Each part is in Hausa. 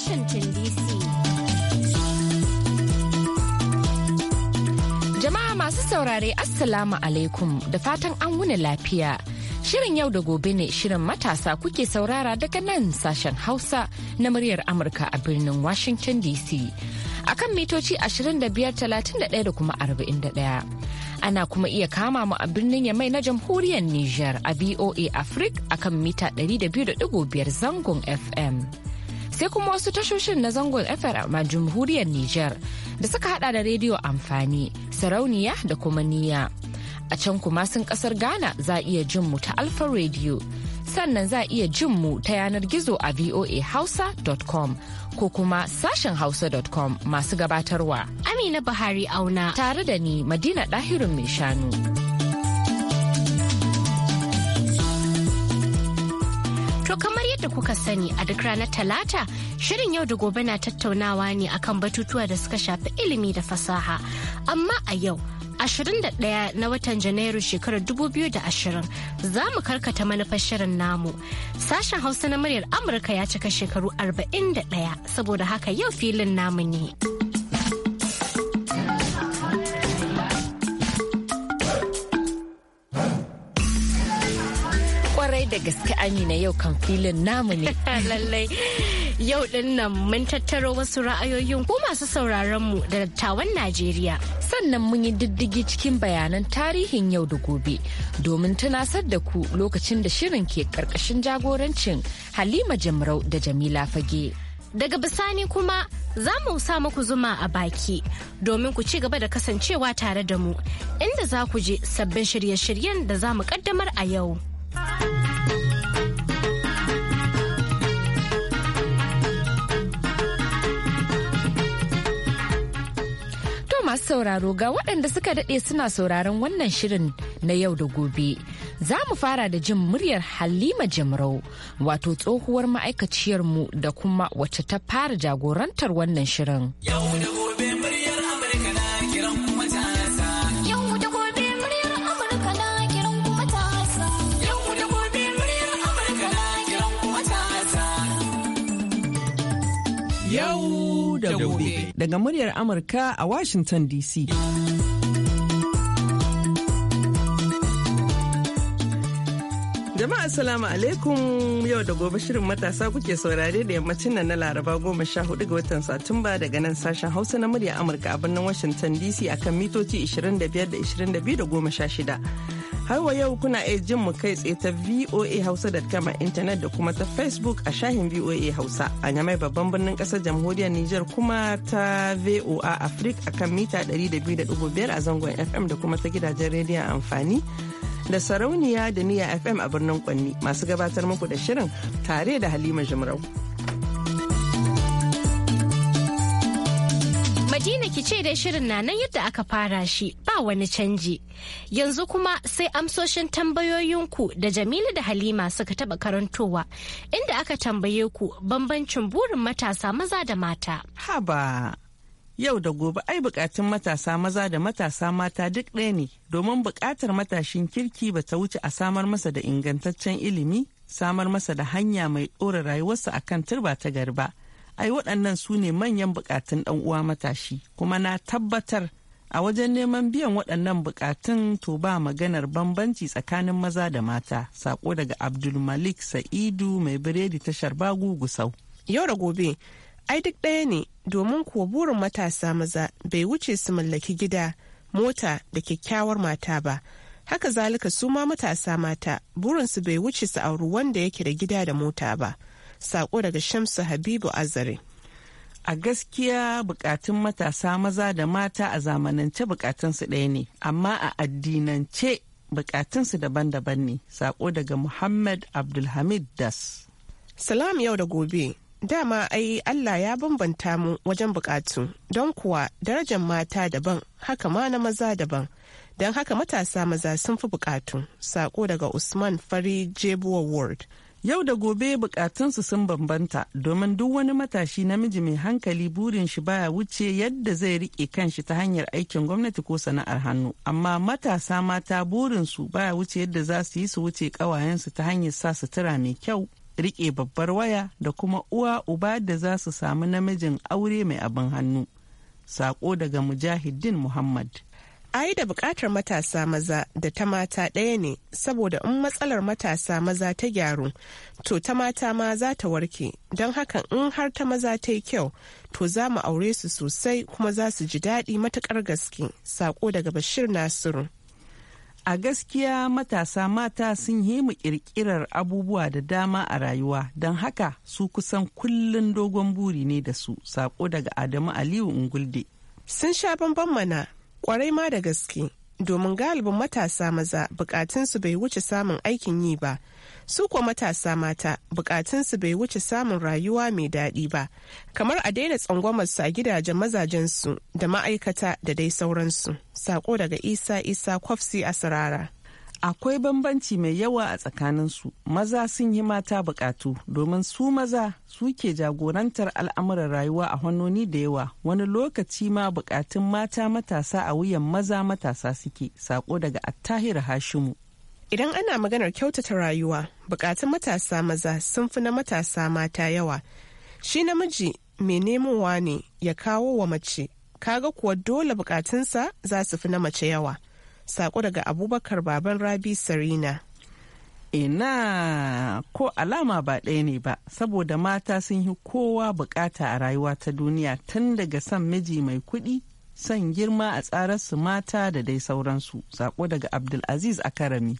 Washington DC. Jama'a masu saurare Assalamu alaikum da fatan an wuni lafiya. Shirin yau da gobe ne shirin matasa kuke saurara daga nan sashen Hausa na muryar Amurka a birnin Washington DC. a kan mitoci 2531 da kuma 41. Ana kuma iya kama mu a birnin Yamai na jamhuriyar Nijar a VOA Africa a kan mita 200.5 zangon FM. sai kuma wasu tashoshin na zangon f.r. a jamhuriyar Nijar da suka hada da rediyo amfani, sarauniya da kuma niya. A can kuma sun kasar Ghana za a iya jin mu ta Alfa Radio. Sannan za a iya jin mu ta yanar gizo a voahausa.com ko kuma sashen hausa.com masu gabatarwa. Amina Buhari auna tare da ni Madina Dahirin mai shanu. yadda kuka sani a duk ranar talata shirin yau da gobe na tattaunawa ne akan batutuwa da suka shafi ilimi da fasaha amma a yau 21 na watan janairu shekarar 2020 za mu karkata manufar shirin namu sashen hausa na muryar amurka ya cika shekaru 41 saboda haka yau filin namu ne. gaske Amina yau kan filin namu ne. Lallai yau din nan mun tattaro wasu ra'ayoyin ko masu sauraron mu da dattawan Najeriya. Sannan mun yi diddigi cikin bayanan tarihin yau da gobe domin tunasar da ku lokacin da shirin ke karkashin jagorancin Halima Jamrau da Jamila Fage. Daga bisani kuma za mu sa muku zuma a baki domin ku ci gaba da kasancewa tare da mu inda za ku je sabbin shirye-shiryen da za mu kaddamar a yau. masu sauraro ga waɗanda suka daɗe suna sauraron wannan shirin na yau da gobe. Za mu fara da jin muryar Halima Jimrau, wato tsohuwar ma'aikaciyarmu da kuma wacce ta fara jagorantar wannan shirin. Yau da gobe. daga muryar Amurka a Washington DC. Jama'a Assalamu alaikum yau da gobe shirin matasa kuke saurare da yammacin nan na Laraba goma sha hudu ga watan Satumba daga nan sashen Hausa na murya Amurka a birnin Washington DC akan mitoci 25 da 22 da goma sha shida. Har wa yau kuna iya jin mu kai tsaye ta VOA hausa da a intanet da kuma ta Facebook a shahin VOA Hausa a nyamai babban birnin kasar jamhuriyar niger kuma ta VOA Africa a kan mita 200.5 a zangon FM da kuma ta gidajen rediyon amfani. da sarauniya da niya fm a birnin kwanni masu gabatar muku da shirin tare da halima jimarau Madina ki ce dai shirin na nan yadda aka fara shi ba wani canji. Yanzu kuma sai amsoshin tambayoyinku da Jamilu da Halima suka taba karantowa inda aka tambaye ku bambancin burin matasa maza da mata. Haba. Yau da gobe ai bukatun matasa maza da matasa mata duk ɗaya ne domin bukatar matashin kirki ba ta wuce a samar masa da ingantaccen ilimi, samar masa da hanya mai ɗora rayuwarsa akan turba ta garba. ai waɗannan su ne manyan buƙatun ɗan uwa matashi kuma na tabbatar a wajen neman biyan waɗannan buƙatun to ba maganar bambanci tsakanin maza da mata sako daga abdulmalik sa'idu mai biredi tashar bagu gusau yau da gobe ai duk ɗaya ne domin kuwa burin matasa maza bai wuce su mallaki gida mota da kyakkyawar mata ba haka zalika su ma matasa mata burinsu bai wuce su auru wanda yake da gida da mota ba sako daga Shamsu Habibu Azare. A gaskiya bukatun matasa maza da mata a zamanance bukatunsu ɗaya ne, amma a addinance bukatunsu daban-daban ne. Sako daga Muhammad Abdulhamid Das. Salam yau da gobe. Dama ai Allah ya bambanta mu wajen bukatu, don kuwa darajar mata daban, haka ma na maza daban. Don haka matasa maza sun fi bukatu. Sako daga Usman Fari Jebuwa Ward. Yau da gobe bukatunsu sun bambanta domin duk wani matashi namiji mai hankali burin shi baya wuce yadda zai rike kanshi ta hanyar aikin gwamnati ko sana'ar hannu. Amma matasa mata burin burinsu baya wuce yadda za su yi su wuce kawayensu ta hanyar sa sutura mai kyau, rike babbar waya da kuma uwa uba da za su samu namijin aure mai abin hannu. Sako daga Mujahidin Muhammad. ai da bukatar matasa maza da ta mata ɗaya ne saboda in matsalar matasa maza ta gyaru to ta mata ma za ta warke don hakan in har ta maza ta yi kyau to za mu aure su sosai kuma za su ji daɗi matuƙar gaske sako daga bashir nasiru a gaskiya matasa mata sun yi mu ƙirƙirar abubuwa da dama a rayuwa don haka su kusan kullun dogon buri ne da su sako daga adamu aliyu ungulde sun sha bamban mana Kwarai ma da gaske, domin galibin matasa maza bukatunsu bai wuce samun aikin yi ba. Su kuwa matasa mata bukatunsu bai wuce samun rayuwa mai daɗi ba, kamar a daina tsangwamarsu a gidajen mazajensu da ma'aikata da dai sauransu. Sako daga Isa Isa Kwafsi a sirara. akwai bambanci mai yawa a tsakanin su maza sun yi mata bukatu domin su maza suke jagorantar al'amuran rayuwa a hannuni da yawa wani lokaci ma bukatun mata matasa a wuyan maza matasa suke sako daga attahir hashimu idan ana maganar kyautata rayuwa bukatun matasa maza sun fi na matasa mata yawa shi namiji mai nemowa ne ya kawo wa mace kaga kuwa dole bukatunsa za su fi na mace yawa Sako daga Abubakar Baban Rabi Sarina. Ina ko alama ba ɗaya ne ba, saboda mata sun yi kowa bukata a rayuwa ta duniya tun daga san miji mai kuɗi, son girma a tsararsu mata da dai sauransu. Sako daga Abdulaziz a karami.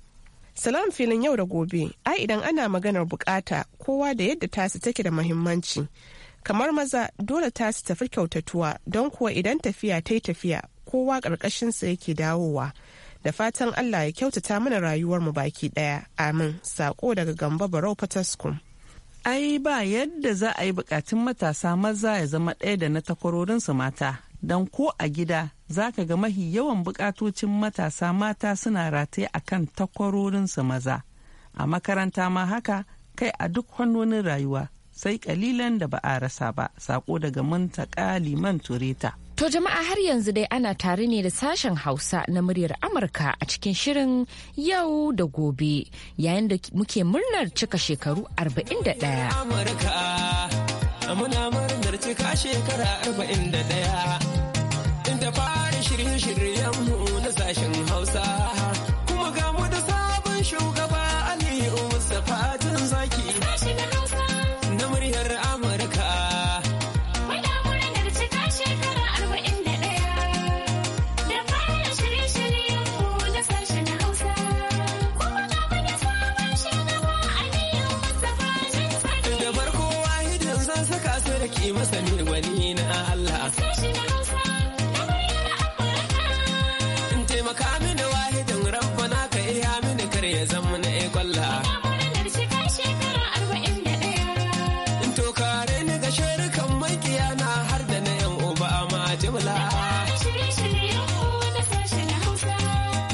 Salam filin yau da gobe, ai idan ana maganar bukata kowa da yadda tasu take da muhimmanci. Kamar maza dole tasu tafi kyautatuwa don kuwa idan tafiya ta yi tafiya kowa ƙarƙashinsa yake dawowa. da fatan Allah ya kyautata mana rayuwar mu baki daya amin sako daga gamba barau fataskum ai ba yadda za a yi bukatun matasa maza ya zama ɗaya da na takwarorinsu mata don ko a gida za ka ga mahi yawan bukatocin matasa mata suna rataye a kan takwarorinsu maza a makaranta ma haka kai a duk fannonin rayuwa sai kalilan da ba a rasa ba sako daga muntaka liman tureta. To jama'a har yanzu dai ana tare ne da sashen Hausa na muryar Amurka a cikin shirin yau da gobe yayin da muke murnar cika shekaru 41. Amurka muna murnar cika shekara 41 inda fara shirye-shiryenmu na sashen Hausa.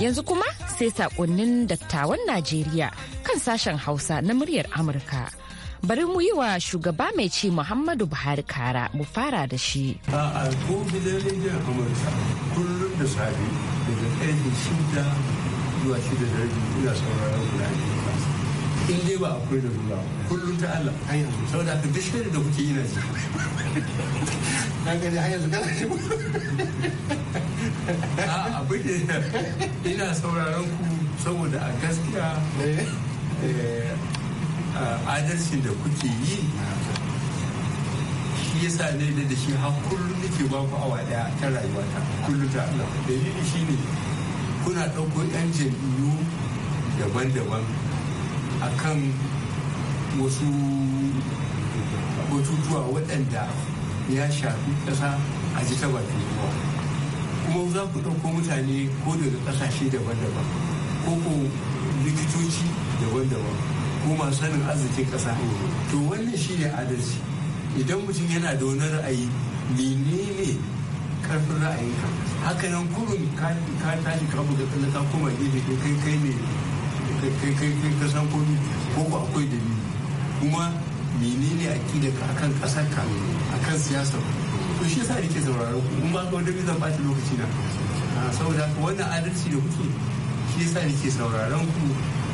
Yanzu kuma sai saƙonnin dattawan Najeriya kan sashen Hausa na muryar Amurka. bari mu yi wa shugaba mai ci muhammadu buhari kara mu fara da shi a da jihar amurka kullum da sabi daga ɗaya da shida zuwa shida da rabi ina sauraron guda in dai ba akwai da rura kullum ta Allah har yanzu saboda haka duk shirin da kuke yi na ji na gani har yanzu kana ji a abin da ina sauraron ku saboda a gaskiya eh, eh, adalcin da kuke yi shi yasa ne da da shi har kullum nake ba ku awa daya ta rayuwa ta kullum ta Allah da yi shi ne kuna ɗauko 'yan jam'iyyu daban-daban a kan wasu batutuwa waɗanda ya shafi ƙasa a ji ta bakin ruwa kuma za ku ɗauko mutane ko daga ƙasashe daban-daban ko ko likitoci daban-daban ko masu sanin arzikin ƙasa to wannan shi ne adalci idan mutum yana da wani ra'ayi menene karfin ra'ayinka haka nan kurin ka tashi ka buga ka koma gefe kai kai ne kai kai kai ka san komi ko ku akwai dalili kuma menene akidar ka akan kasar ka akan siyasa to shi yasa nake sauraro kuma ba ga wanda zan bata lokaci na saboda haka wannan adalci da kuke shi yasa nake sauraron ku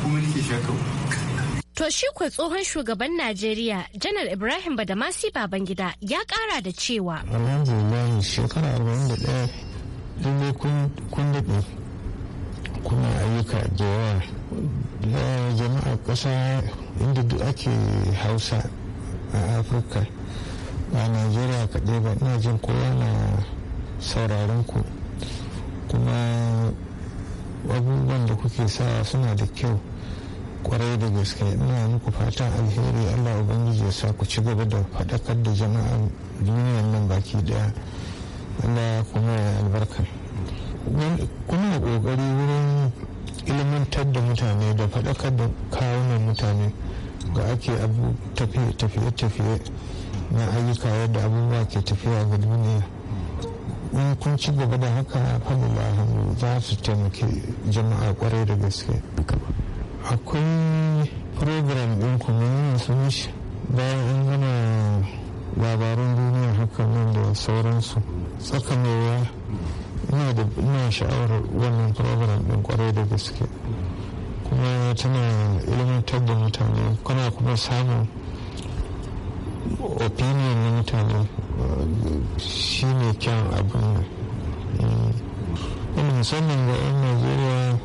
kuma nake shakau To shi kuwa tsohon shugaban Najeriya Janar Ibrahim Badamasi Babangida ya kara da cewa. Alhamdulillah shekara 41 lallai kun daɗe ƙasa inda duk ake hausa a afirka a najeriya kaɗai ba ina jin kowa na sauraron ku kuma abubuwan da kuke sawa suna da kyau kwarai da gaske ina muku fatan alheri allah ubangiji ya sa ku ci gaba da faɗakar da jama'a duniyar nan baki daya allah kuma ya albarka kuna ƙoƙari wurin ilimantar da mutane da faɗakar da kawo yaudarar mutane ga ake tafiye-tafiye na ayyuka yadda abubuwa ke tafiya ga duniya in kun ci gaba da haka a za su taimaki jama'a kwarai da gaske akwai program ɗin kuma sun shi bayan an gama labaran duniya haka nan da sauransu tsakamewa ina sha'awar wannan program ɗin kwarai da gaske tana ilimantar da mutane kana kuma samun opinion na mutane shi ne kyan abin nan eh, musamman ga 'yan najeriya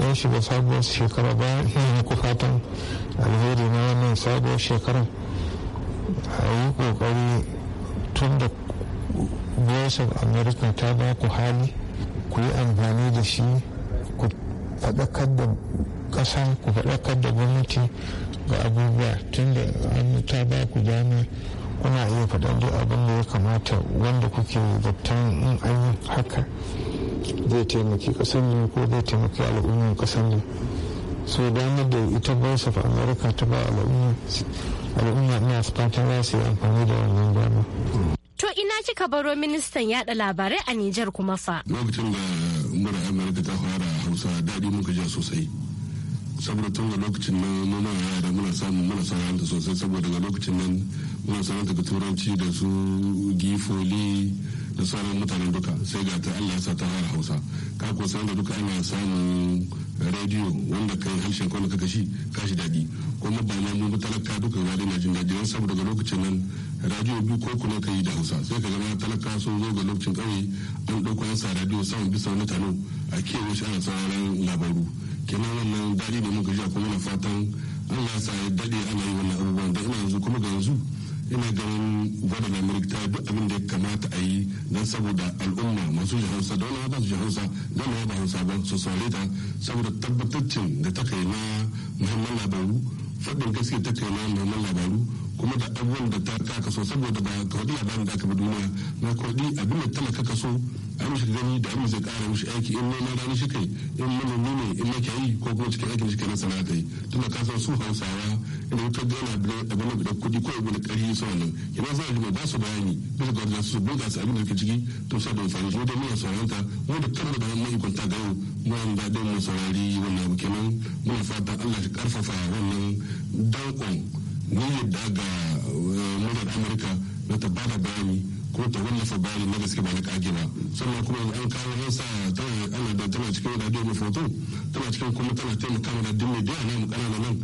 ya shiga sabuwar shekara ba ya muku fatan alheri na wannan sabuwar shekara a yi kokari tun da voice america ta ba ku hali ku yi amfani da shi ku faɗakar da kasa ku faɗakar da gwamnati ga abubuwa tunda an ta ba ku dama kuna iya faɗar da abin da ya kamata wanda kuke zaton in an yi haka zai taimaki ƙasar ne ko zai taimaki al'ummar ƙasar ne so damar da ita voice of america ta ba al'umma ina fatan za su amfani da wannan dama to ina kika baro ministan yada labarai a nijar kuma fa lokacin da mura amurka ta fara hausa daɗi muka sosai saboda tun lokacin nan muna da muna samun muna sauranta sosai saboda daga lokacin nan muna sauranta da turanci da su gifoli da sauran mutanen duka sai ga ta Allah sa ta hara Hausa ka ko san da duka ana samun rediyo wanda kai harshen kawai kaka kashi kashi daɗi kuma ba ma mu talaka duka ba dai na jin daɗi wani saboda daga lokacin nan radiyo biyu ko kuna yi da Hausa sai ka gama talaka sun zo ga lokacin ƙauye an ɗauko an sa radiyo samun bisa wani tano a kewa shi ana sauraron labaru kenan wannan daɗi da muka ja kuma na fatan allah sa ya daɗe ana yi wannan abubuwan da ina yanzu kuma ga yanzu ina ganin gwada amurka ta duk abin da ya kamata a yi don saboda al'umma masu jihar hausa da wani ba su jihar hausa da wani ba hausa ba su saurare ta saboda tabbataccen da ta kai na muhimman labaru faɗin gaske ta kai na muhimman labaru kuma da abubuwan da ta kaso saboda ba ka faɗi labarin da aka bi duniya na kwaɗi abin da talaka kaso an mishi gani da an zai ƙara mishi aiki in noma rani shi kai in manomi ne in yi ko kuma cikin aikin shi kai na sana'a kai tunda ka san su hausawa idan ka ga yana abin da kuɗi ko abin da ƙarfi su wannan kina za a ji ba su bayani bisa ga wanda su buga su abin da ke ciki to sai da amfani mu da muna sauran ta mu da kanmu da mu ikon ta gawo mu an da mu saurari wannan kenan muna fata Allah shi karfafa wannan dankon mun yadda ga eh, murar amurka na ta bada bayani ko ta wallafa bayani na gaske ba na kage ba sannan kuma an kawo an sa tana ana da tana cikin radio mai foto tana cikin kuma tana taimaka mana dimmi da yana mu kanana nan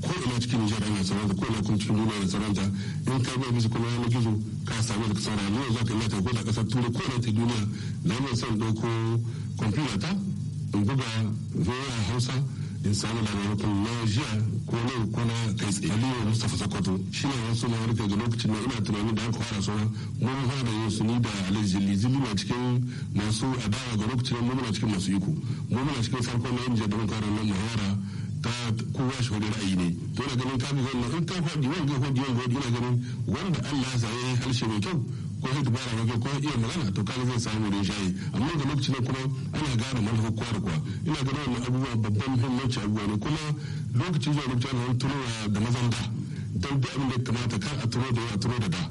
ko ina cikin nijar ana saranta ko ina kuma cikin duniya na saranta in ka bai bisa kuma yana gizo ka samu da kasar rayuwa za ka iya ta koda kasar turai ko ina ta duniya na yi son ɗauko kwamfuta ta in buga voa hausa in samu labarukan na jiya ko nan ko na kai tsaye aliyu mustapha sokoto shi ne wasu na harkar da lokacin na ina tunani da aka fara sauran mun fara yin su ni da alijili zili na cikin masu adawa ga lokacin mun muna cikin masu iko mun muna cikin farko na yin jadon kara nan muhawara ta kowa shi wani ra'ayi ne to na ganin kafin wannan in ta faɗi wani ga faɗi wani ga ganin wanda Allah ya sa harshe mai kyau ko sai dubara ba ko iya magana to kaga zai samu da shayi amma ga lokacin kuma ana gane manufa kowa da ina ganin wannan abubuwa babban muhimmanci abubuwa ne kuma lokaci zuwa lokacin da tunowa da mazan da don duk abin da kamata kar a tuno da yawa a tuno da da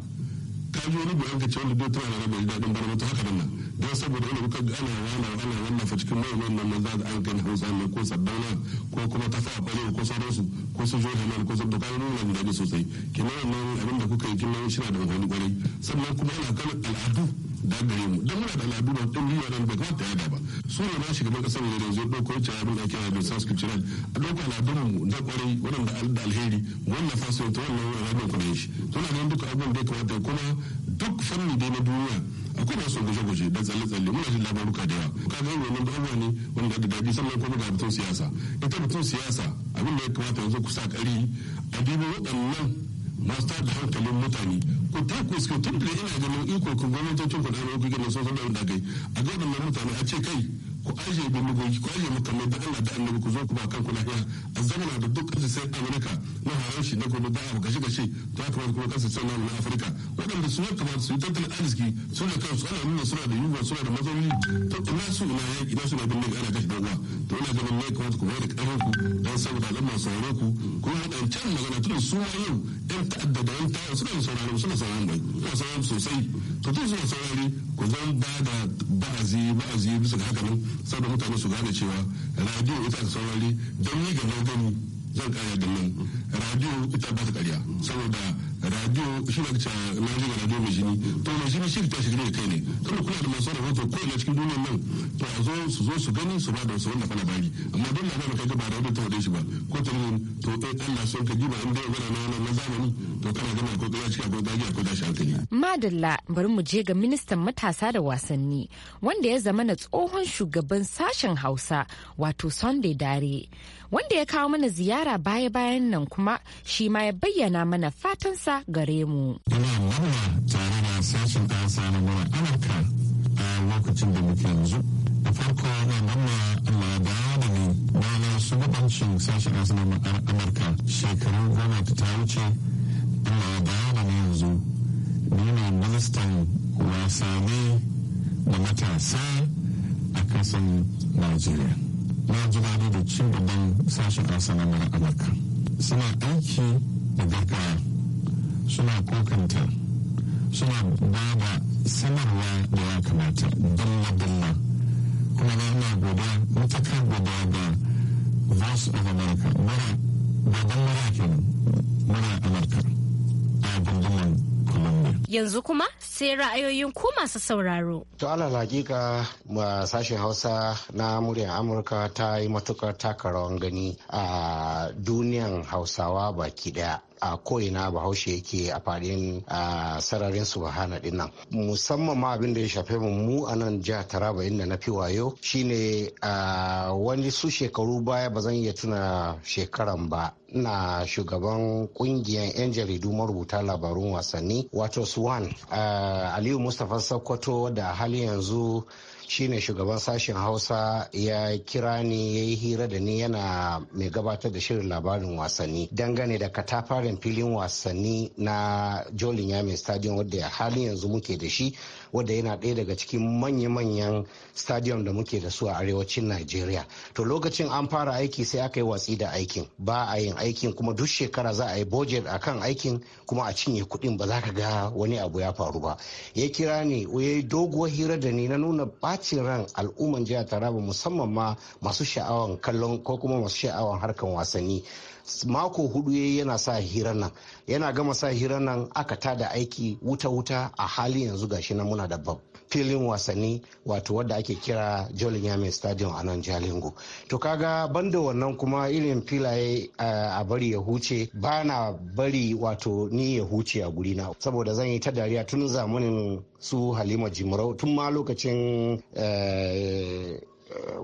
ka ji wani bayan ka ce wanda a tunawa da rabin daɗin bar mutu haka nan don saboda wani kuka ana ana ana wallafa cikin mayan nan nan za a an kai hausa ne ko sardauna ko kuma ta fawa balewa ko sauransu ko su jihohi nan ko su da kayan nuna daɗi sosai kina wannan abin da kuka yi kina shi na da amfani kwarai sannan kuma ana kan al'adu da gare mu don muna da al'adu ba ɗin biyu nan bai kamata ya ba su ne na shugaban ƙasar ne yanzu ɗauko wacce abin da ake yi da sas cultural a ɗauko al'adun mu na kwarai waɗanda da alheri wannan fasu ta wannan rabin kwarai shi to na ganin duka abin da ya kamata kuma duk fanni dai na duniya akwai masu gwaje-gwaje da tsalle-tsalle muna jin labaruka da yawa kaga yin wannan abubuwa ne wanda da daɗi sannan kuma ga batun siyasa ita batun siyasa abin da ya kamata yanzu ku sa ƙari a dubi waɗannan masu tada hankalin mutane ku ta ku tun da ina ganin iko ku gwamnatocin ku da hannu ku gina da kai a ga waɗannan mutane a ce kai ku aje bindigogi ku aje makamai da Allah da annabi ku zo ku ba kanku lafiya a zamana da duk ƙasar sai Amurka na haranshi na kuma da abu gashi gashi ta kamar kuma ƙasar sai na Afirka waɗanda su ya kamata su yi tattalin arziki su da kansu ana nuna suna da yunwa suna da matsaloli to ina su ina yaƙi na suna bindiga ana gashi da uwa to ina ganin ne kamata ku bayar da ƙarfin ku don saboda al'umma su ku kuma waɗancan magana tun su ma yau yan ta'adda da yan ta'adda suna saurari suna saurari mai suna saurari sosai to tun suna saurari ku zan ba da ba'azi ba'azi bisa ga haka nan saboda mutane su gane cewa radio ita aka saurari don yi gaba gani zan kare da nan radio ita ba ta karya saboda radio shi ne ta laji ga radio mai jini to mai jini shi ta shirye kai ne kuma kuna da masu rahoto ko ina cikin duniyar nan to a zo su zo su gani su ba da su wannan labari amma don labarin kai ba radio ta wade shi ba ko ta ne to eh Allah son ka diba an da gana na wannan na zamani to kana gana ko kuma cika ko dagi ko dashi hankali madalla bari mu je ga ministan matasa da wasanni wanda ya zama na tsohon shugaban sashen Hausa wato Sunday Dare wanda ya kawo mana ziyara baya-bayan nan kuma shi ma ya bayyana mana fatansa amsa gare mu. Ina murna tare da sashen ƙasa na mura Amurka a lokacin da muke yanzu. Da farko ina murna Allah ya dawo da ni bayan shugabancin sashen ƙasa na Amurka shekaru goma ta wuce Allah ya dawo da ni yanzu. Ni ne ministan wasanni da matasa a kasan Najeriya. Na ji daɗi da ci gaban sashen ƙasa na Amurka. Suna aiki da gaggawa. suna kokanta suna ba da sanarwa da ya kamata dalla-dalla kuma na ina guda mutaka guda da voice of america mara don mara ke mara amurka a gungunan colombia yanzu kuma sai ra'ayoyin ku masu sauraro. To alal hakika sashen Hausa na muryar Amurka ta yi matukar takarawan gani a duniyan Hausawa baki daya. a ko'ina bahaushe yake a faɗin sararin subhana din nan musamman ma abin da ya shafe mu mu a nan jihar taraba inda na fi wayo shine wani su shekaru baya ba zan iya tuna shekaran ba na shugaban kungiyar 'yan jaridu marubuta labarun wasanni wato swan aliyu mustapha sokoto da hali yanzu shine shugaban sashen hausa ya kira ni ya yi hira da ni yana mai gabatar da shirin labarin wasanni dangane da katafaren filin wasanni na jolin yamin stadium wadda halin yanzu muke da shi wadda yana ɗaya daga cikin manya-manyan stadium da muke da su a arewacin Najeriya. To lokacin an fara aiki sai aka yi watsi da aikin ba a yin aikin kuma duk shekara za a yi budget a kan aikin kuma a cinye kuɗin ba za ka ga wani abu ya faru ba. Ya kira ni ya yi doguwar hira da ni na nuna ɓacin ran al'umman jihar Taraba musamman ma masu sha'awan kallon ko kuma masu sha'awan harkan wasanni mako hudu ya yana sa hirar nan yana gama sa hirar nan aka tada aiki wuta-wuta a hali yanzu gashi na muna da filin wasanni wato wadda ake kira jolin yamin stadium a nan jalingo to kaga banda wannan kuma irin filaye eh, a bari ya huce ba na bari wato ni ya huce a guri na saboda zan yi ta dariya tun zamanin su halima jimarau tun ma lokacin eh, eh,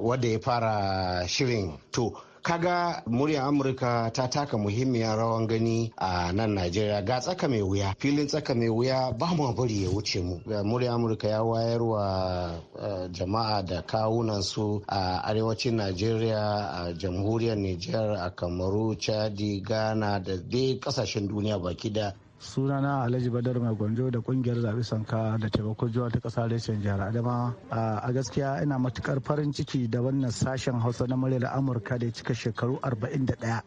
wadda ya fara shirin to kaga muryar amurka ta taka muhimmiyar rawan gani a nan najeriya ga tsaka mai wuya filin tsaka mai wuya ba mu bari ya wuce mu muryar amurka ya wayar wa eh, jama'a da kawunan su a arewacin najeriya a jamhuriyar niger a kamaru chadi ghana da dai kasashen duniya baki da sunana alhaji badar mai gwanjo da kungiyar zaɓi sanka da taimakon zuwa ta ƙasa reshen jihar adama a gaskiya ina matukar farin ciki da wannan sashen hausa na muryar amurka da ya cika shekaru 41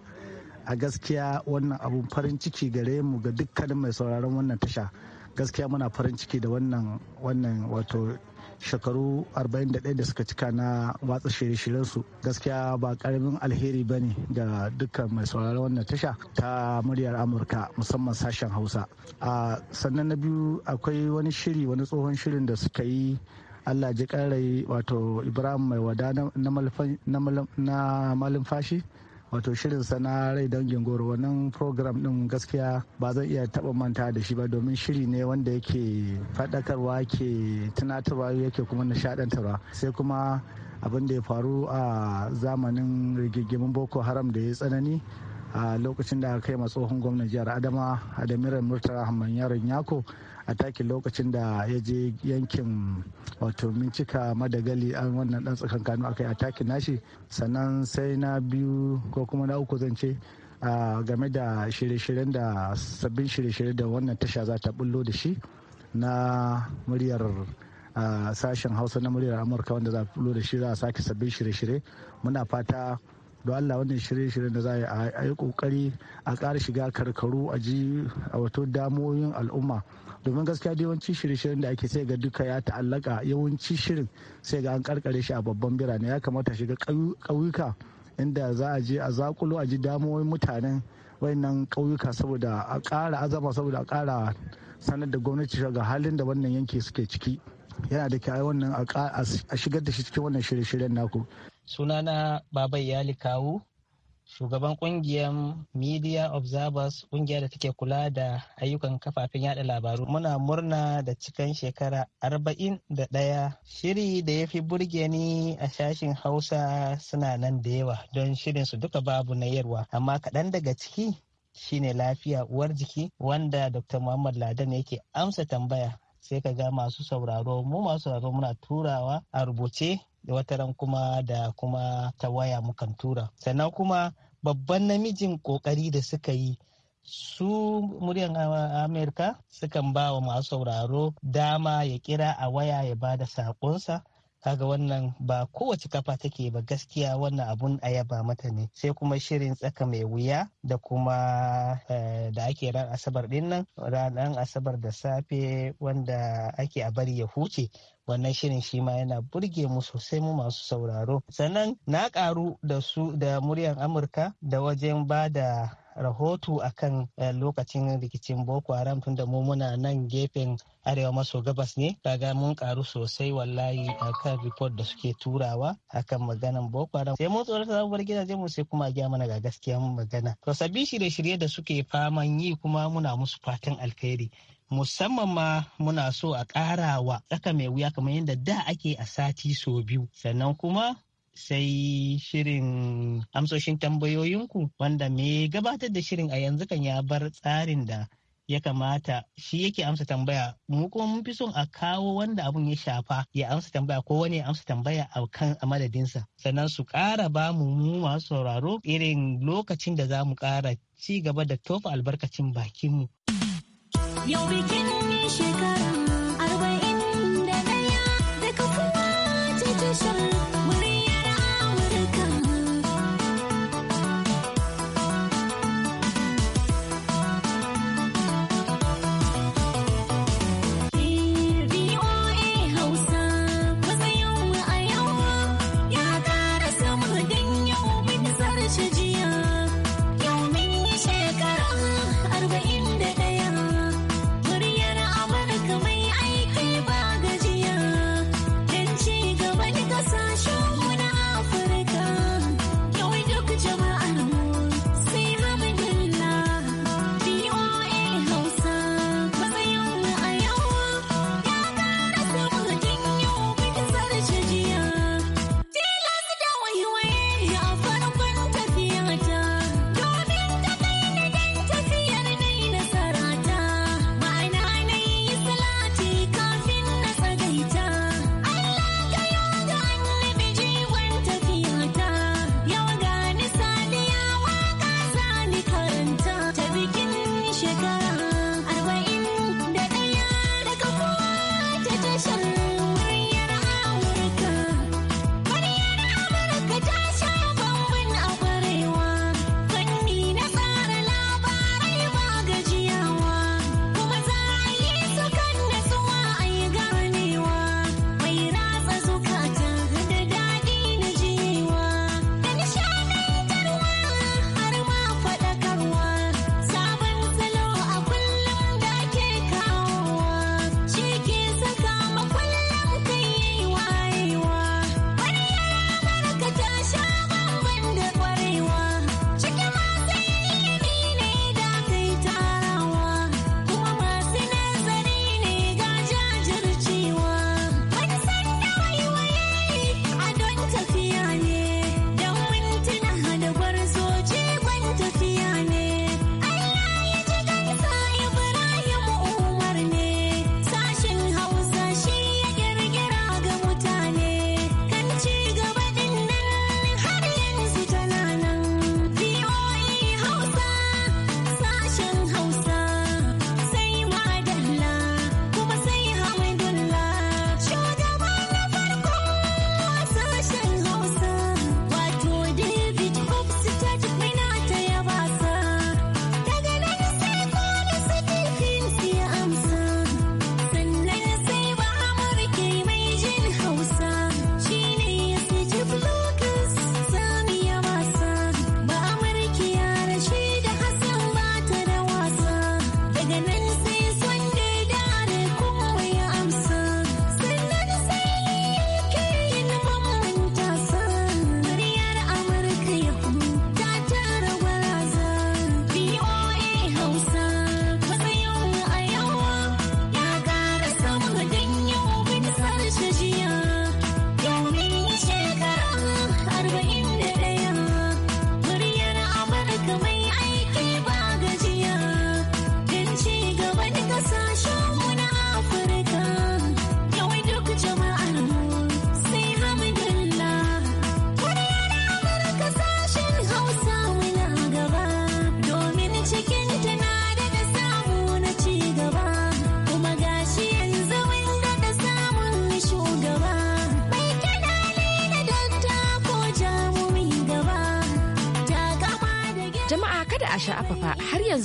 a gaskiya wannan abun farin ciki gare mu ga dukkanin mai sauraron wannan tasha gaskiya muna farin ciki da wannan wannan wato shekaru 41 da suka cika na watsa shirye-shiryen su gaskiya ba karamin alheri ba ne ga dukkan mai sauraron wannan tasha ta muryar amurka musamman sashen hausa a sannan na biyu akwai wani shiri wani tsohon shirin da suka yi allah ji karai wato ibrahim mai wada na malin fashi wato shirin sana rai dangin goro wannan program din gaskiya ba zan iya taba manta da shi ba domin shiri ne wanda yake faɗakarwa ke tunatarwa yake kuma nishaɗantarwa sai kuma abin da ya faru a zamanin rigigimin boko haram da ya tsanani a lokacin da aka kai ma tsohon gwamnan jihar adama adamiran murtala hamman yaron yako a takin lokacin da ya je yankin wato mincika madagali an wannan dan tsakan kano aka yi a takin nashi sannan sai na biyu ko kuma na uku zan ce game da shirye-shiryen da sabbin shirye-shirye da wannan tasha za ta bullo da shi na muryar sashen hausa na muryar amurka wanda za a bullo da shi za a sake sabbin shirye-shirye muna fata don allah wannan shirye-shiryen da za a yi kokari a ƙara shiga karkaru a ji a wato damoyin al'umma domin gaskiya da yawanci shirye-shiryen da ake sai ga duka ya ta'allaka yawanci shirin sai ga an karkare shi a babban birane ya kamata shiga ƙauyuka inda za a je a zakulo a ji damoyin mutanen wayannan ƙauyuka saboda a ƙara azama saboda a ƙara sanar da gwamnati shiga halin da wannan yanki suke ciki yana da kyau wannan a shigar da shi cikin wannan shirye-shiryen naku sunana baba iyali kawu shugaban kungiyar media observers kungiya da take kula da ayyukan kafafen yada labaru muna murna da cikan shekara arba'in da ɗaya shiri da ya fi burge ni a shashin hausa suna nan da yawa don shirin su duka babu na yarwa amma kaɗan daga ciki shine lafiya uwar jiki wanda dr muhammad ladan yake amsa tambaya sai ka ga masu sauraro mu masu sauraro muna turawa a rubuce Wata kuma da kuma ta waya mukan tura sannan kuma babban namijin kokari da suka yi su muryan amerika sukan ba wa masu sauraro dama ya kira a waya ya ba da saƙonsa kaga wannan ba kowace kafa take ba gaskiya wannan abun a yaba mata ne sai kuma shirin tsaka mai wuya da kuma eh, da ake ran asabar din nan ranar asabar da safe wanda ake a bari ya huce wannan shirin shi ma yana burge mu sosai mu masu sauraro sannan na karu da su da muryar amurka da wajen ba da rahoto a kan eh, lokacin rikicin boko haram tun da mu muna nan gefen arewa maso gabas ne kaga mun karu sosai wallahi kan report da suke turawa akan maganan boko haram sai mun tsoron za mu bar gidajen mu sai kuma gya mana ga gaskiya magana to sabi shirye-shirye da suke faman yi kuma muna musu fatan alkhairi musamman ma muna so a ƙara wa tsaka mai wuya kamar yadda da ake a sati sau biyu sannan kuma sai shirin amsoshin tambayoyinku wanda mai gabatar da shirin a yanzu kan ya bar tsarin da ya kamata shi yake amsa tambaya mu kuma mun fi son a kawo wanda abun ya shafa ya amsa tambaya ko wani ya amsa tambaya a kan a madadinsa sannan su ƙara ba mu mu masu sauraro irin lokacin da za mu ƙara ci gaba da tofa albarkacin bakinmu. Yau bikin shekaru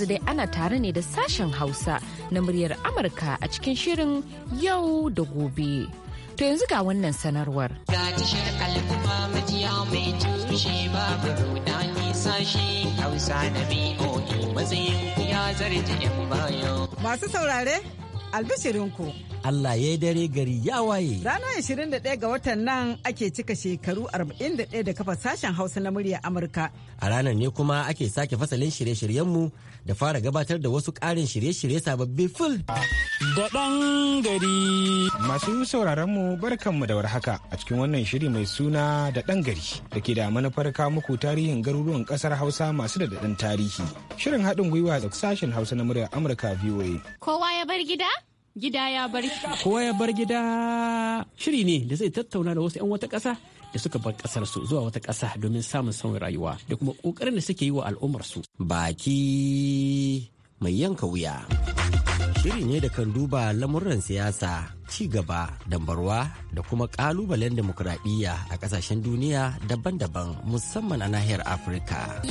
dai ana tare ne da sashen Hausa na muryar Amurka a cikin shirin yau da gobe. To yanzu ga wannan sanarwar. Ga na e. Masu saurare, albishirinku. Allah ya dare gari ya waye. Ranar 21 ga watan nan ake cika shekaru 41 da kafa sashen Hausa na murya Amurka. A ranar ne kuma ake sake fasalin shirye-shiryenmu da fara gabatar da wasu ƙarin shirye-shirye sababbi full. Da ɗan gari. Masu sauraron mu barkanmu da warhaka a cikin wannan shiri mai suna da ɗan gari da ke da manufar kawo muku tarihin garuruwan ƙasar Hausa masu da daɗin tarihi. Shirin haɗin gwiwa da sashen Hausa na murya Amurka VOA. Kowa ya bar gida? gida ya bar kowa ya bar gida shiri ne da zai tattauna da wasu 'yan wata ƙasa da suka bar ƙasar su zuwa wata ƙasa domin samun sauyin rayuwa da kuma ƙoƙarin da suke yi wa al'ummar su baki mai yanka wuya shiri ne da kan duba lamuran siyasa ci gaba dambarwa da kuma ƙalubalen demokuraɗiyya a ƙasashen duniya daban-daban musamman a nahiyar afirka.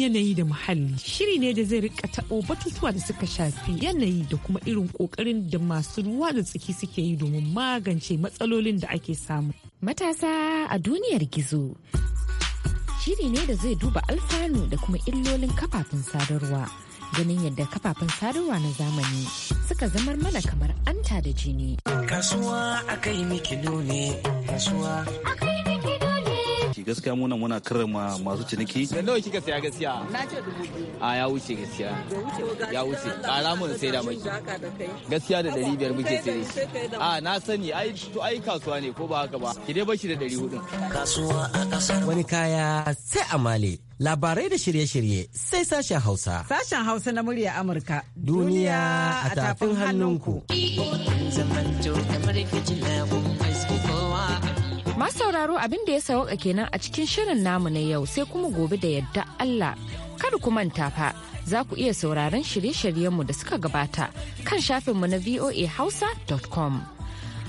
yanayi da muhalli shiri ne da zai rika taɓo batutuwa da suka shafi yanayi da kuma irin ƙoƙarin da masu ruwa da tsaki suke yi domin magance matsalolin da ake samu. Matasa a duniyar gizo. Shiri ne da zai duba alfanu da kuma illolin kafafen sadarwa. Ganin yadda kafafen sadarwa na zamani suka zamar mana kamar anta da jini. Kasuwa akai miki ne, kasuwa akai gaskiya muna muna karrama masu ciniki da nawa kika saya gaskiya na ce dubu biyu a ah, ya wuce gaskiya ya wuce ba ƙara mun sai da mai gaskiya da dari biyar muke sai a ah, na sani ai to ai kasuwa ne ko ba haka ba ki dai bashi da dari hudu kasuwa a kasar wani kaya sai amale labarai da shirye-shirye sai sashen Hausa. Sashen Hausa na murya Amurka. Duniya a tafin hannunku. Masu sauraro abin da ya sauka kenan a cikin shirin namu na yau sai kuma gobe da yadda Allah. Kada ku manta fa za ku iya sauraron shirye-shiryenmu da suka gabata kan shafinmu na voahausa.com.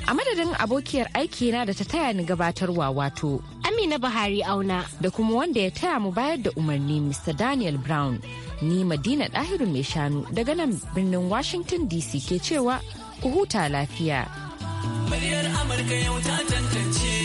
A madadin abokiyar aikina da ta taya ni gabatarwa wato. Amina Buhari auna. Da kuma wanda ya taya mu bayar da umarni Mr. Daniel Brown. Ni Madina Dahiru mai shanu daga nan birnin Washington DC ke cewa ku huta lafiya. Muryar Amurka yau ta tantance.